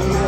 Thank you.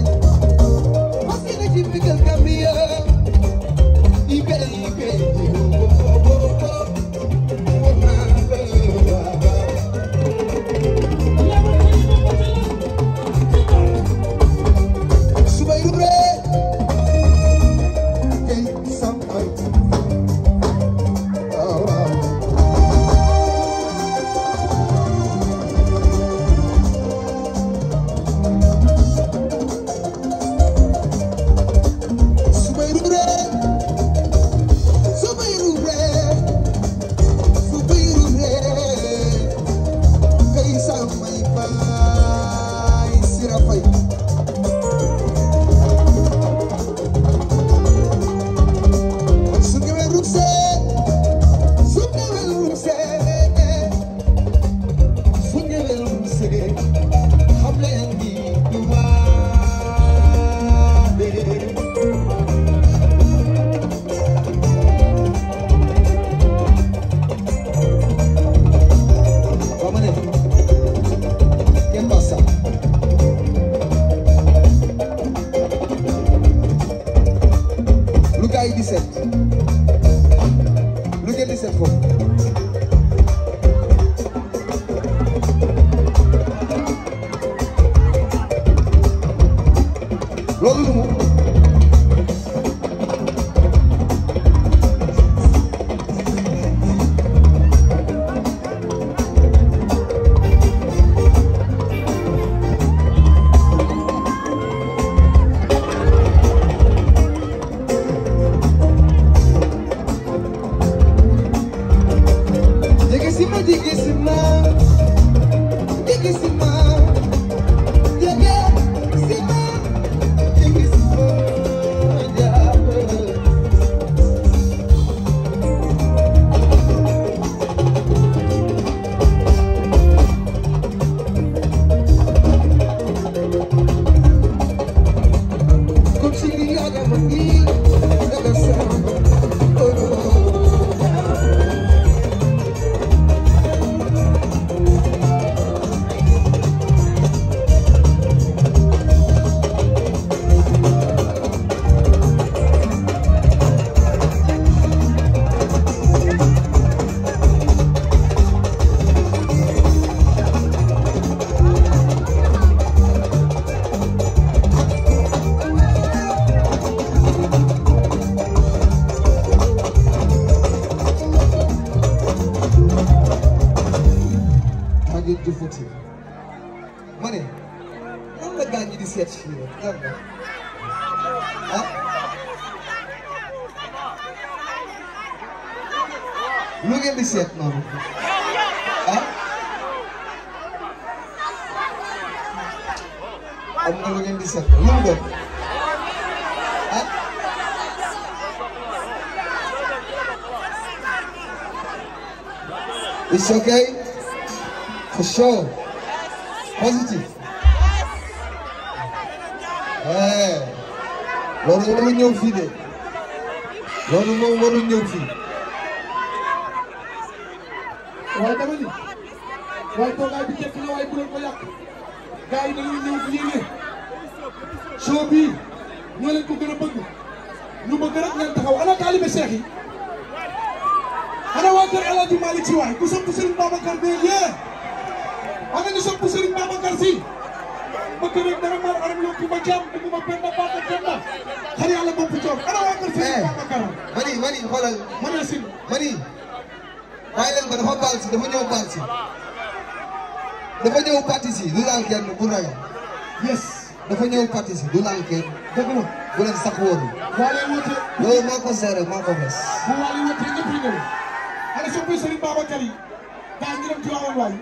Njaay It's okay? For sure. Eh, mani mani xoolal mani si mani bàyyi leen ko dafa baal si dafa ñëw baal si dafa ñëw parti si du laal kenn bu ragal yes dafa ñëw parti si du laal kenn dëgg la bu leen sax wóorul loolu maa ko seere maa ko bes bu waali wute ñëpp ñëw ana soppi Serigne Babacar yi daa ngi dem ci waawoon waay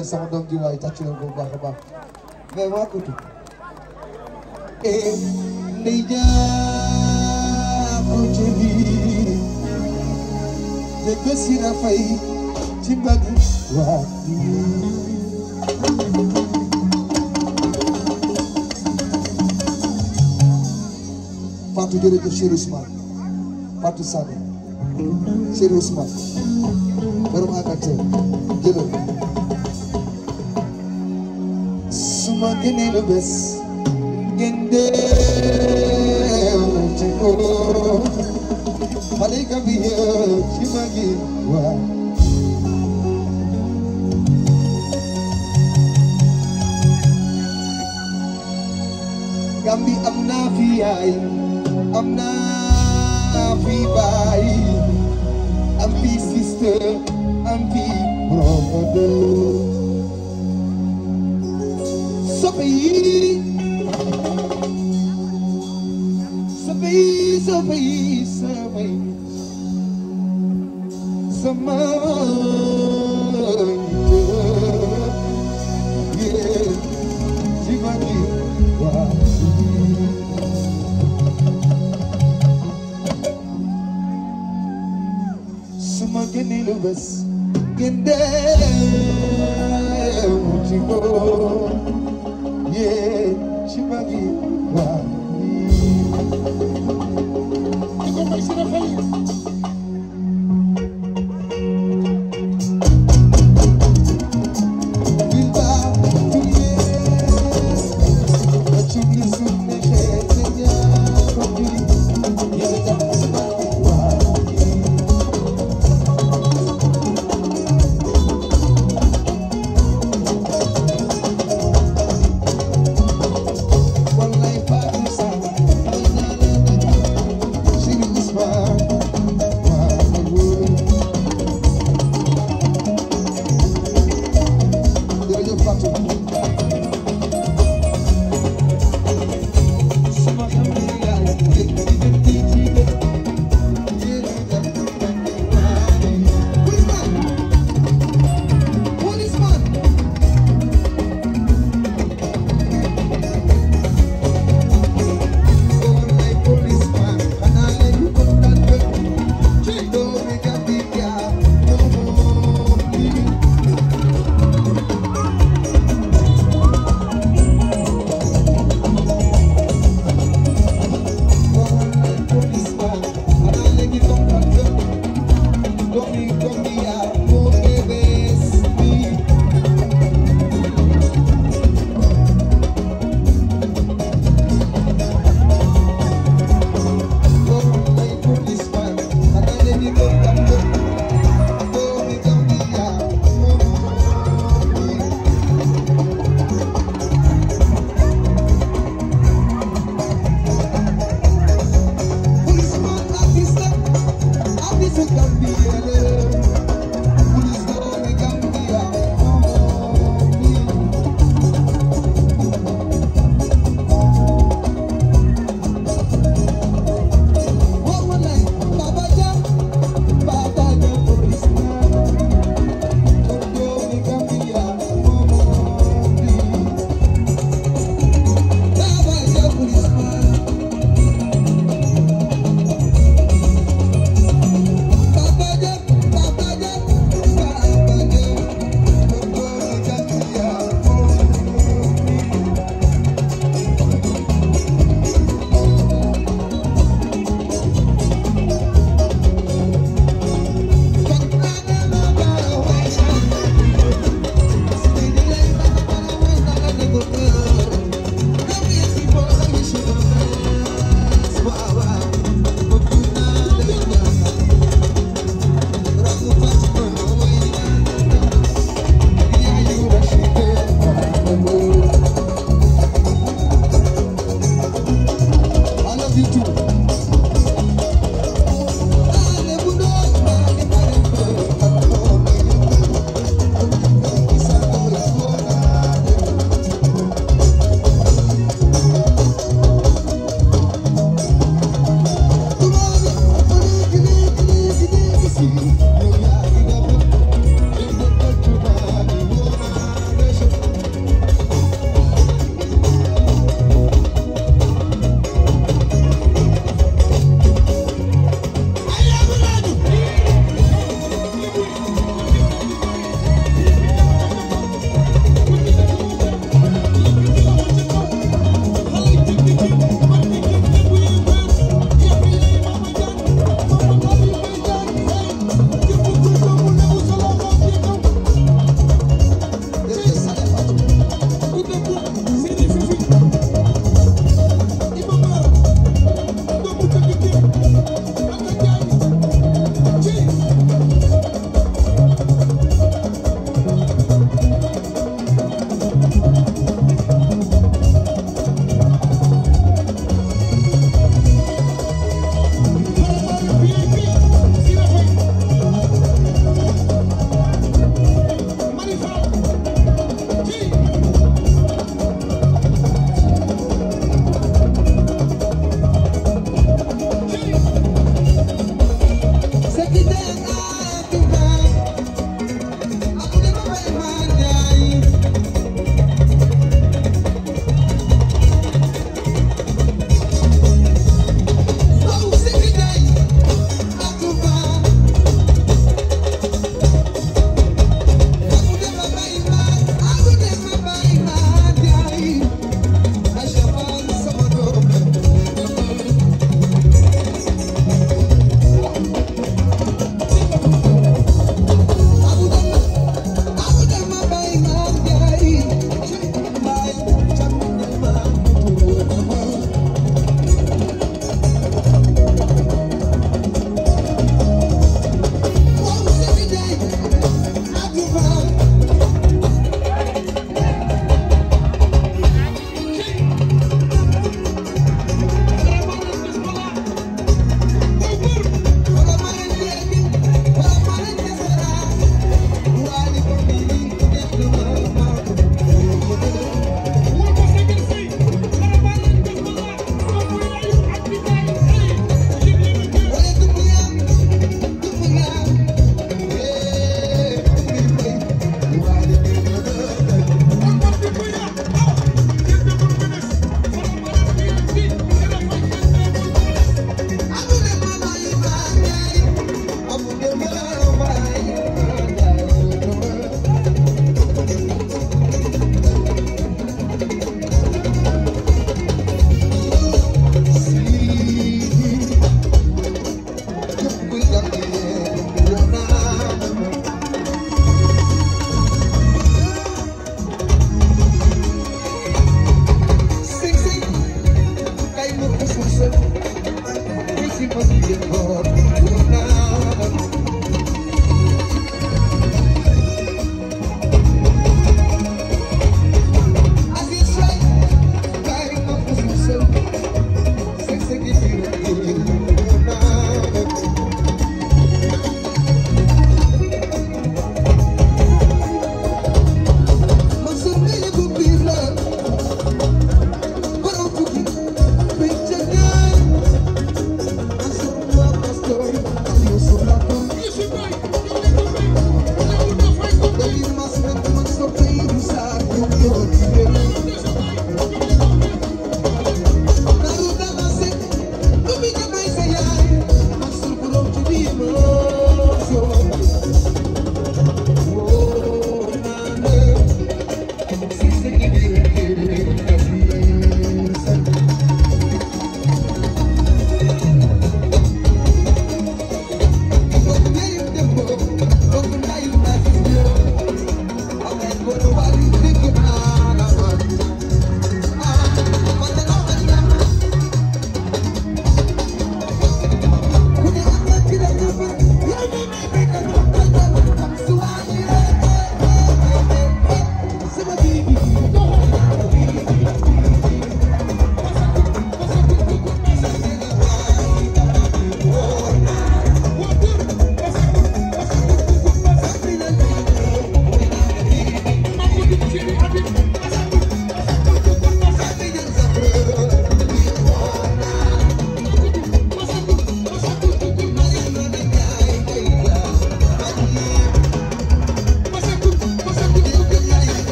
leen sama doom ji waay tàcc leen bu baax a baax mais waa Coutou. ndey jaamu ci biir te Bassirou Faye ci mbagg waa Fatou jërëjëf Cheikh Ousmane Fatou Sade Cheikh dina lu bés ngeen deew ci koo malika bi ñëw ci magi waa Gambi am naa fi yaay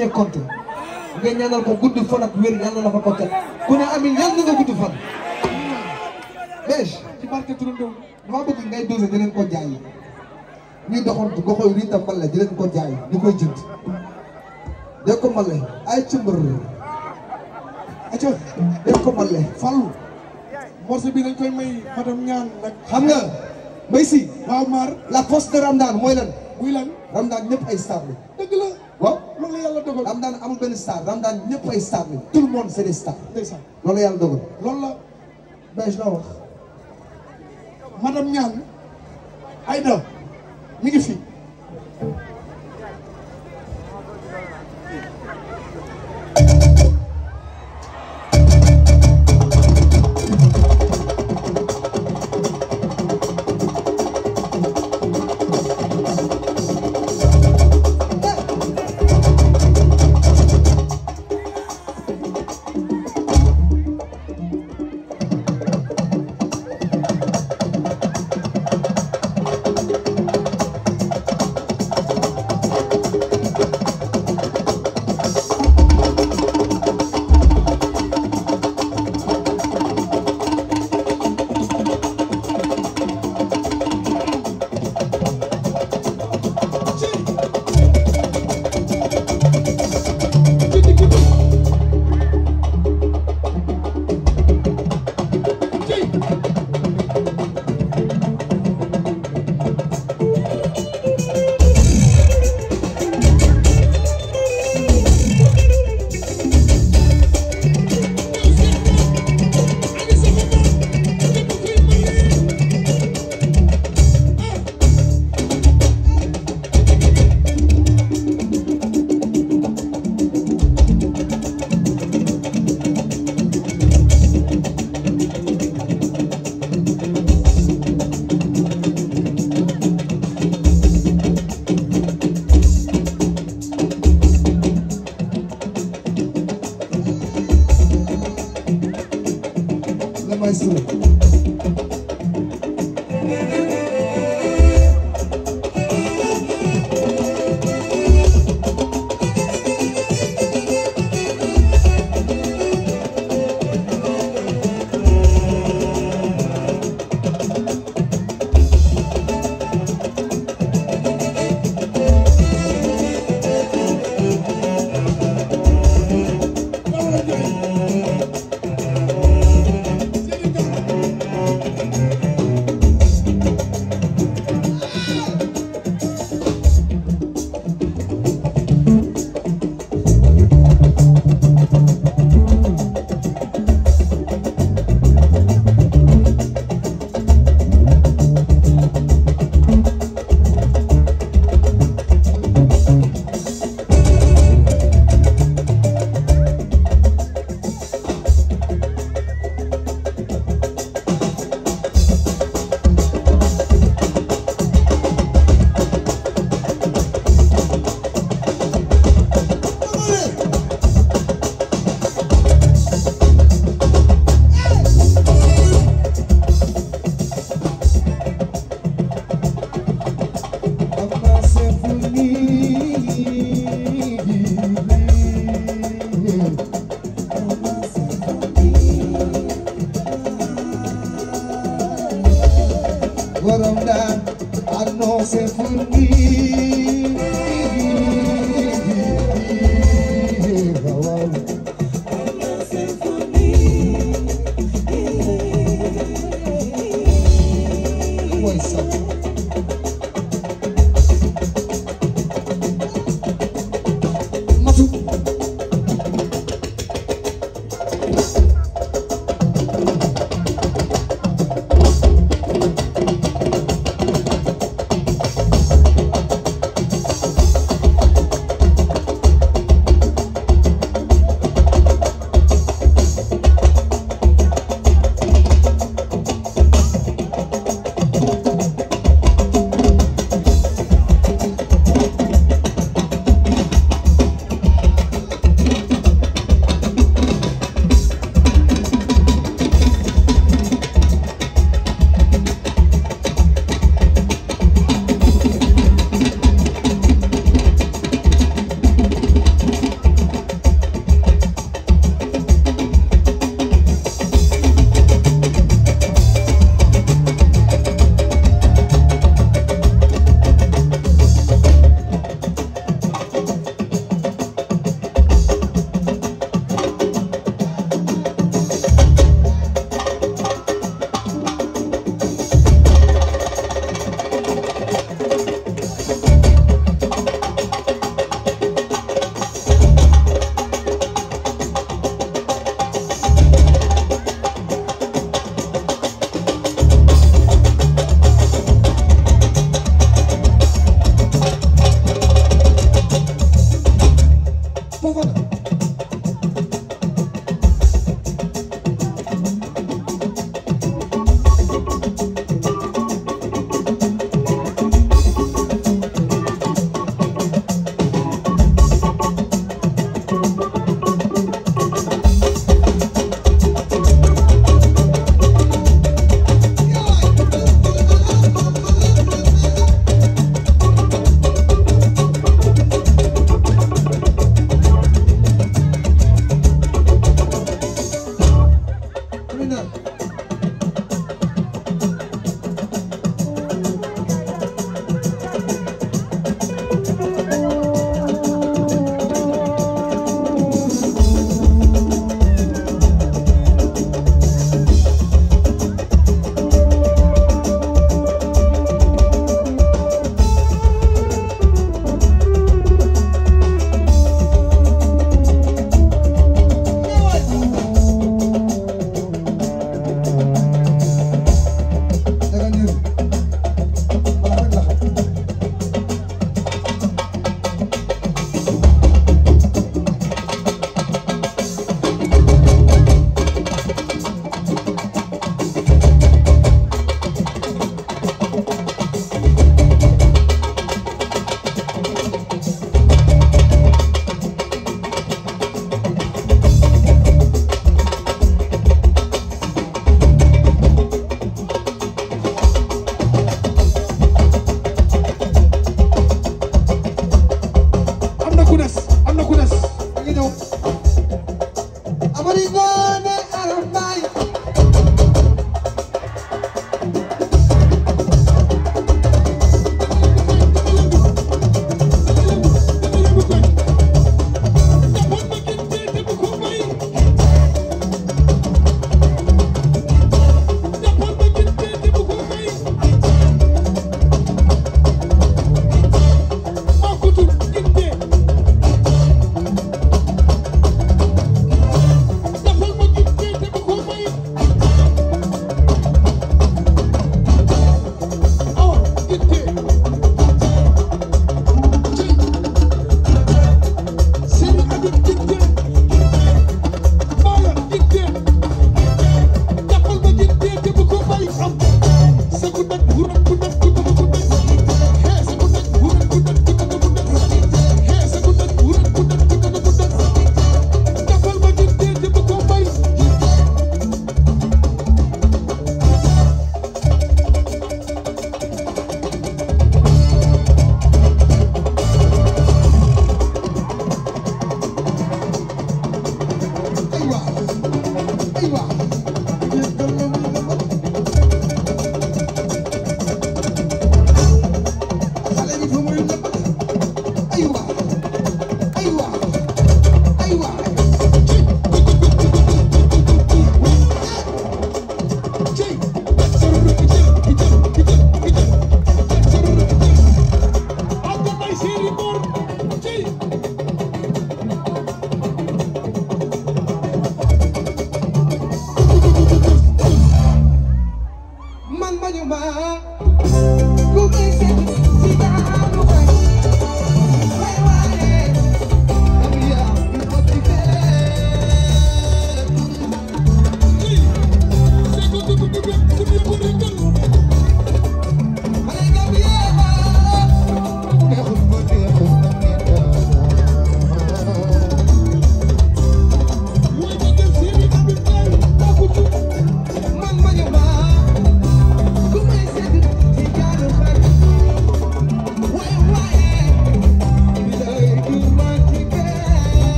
cee compte nga ñaanal ko gudd fan ak wér yàlla na fa ko teg ku ne amin yàlla nga gudd fan. bêche ci barke turandoo damaa bëgg ngay dosé di leen ko jaay ñuy doxantu gox yi tam mbal la di leen ko jaay ñu koy jënd. de ko mbal ay cëmbar la. ayca dégg la Fallou. morceau bi dañ koy may madame ñaan nag. xam nga Mbaye Sy. waaw Mar la force de Ramdan mooy lan. muy lan Ramdan ñëpp ay star la. dëgg la. waaw loolu la yàlla dogal Ramadane amul benn star Ramadane ñëpp ay star lañ tout le monde c'est loolu yàlla dogal. loolu la Bèche la wax madame Niang Aïda mi ngi fi.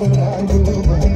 but I do.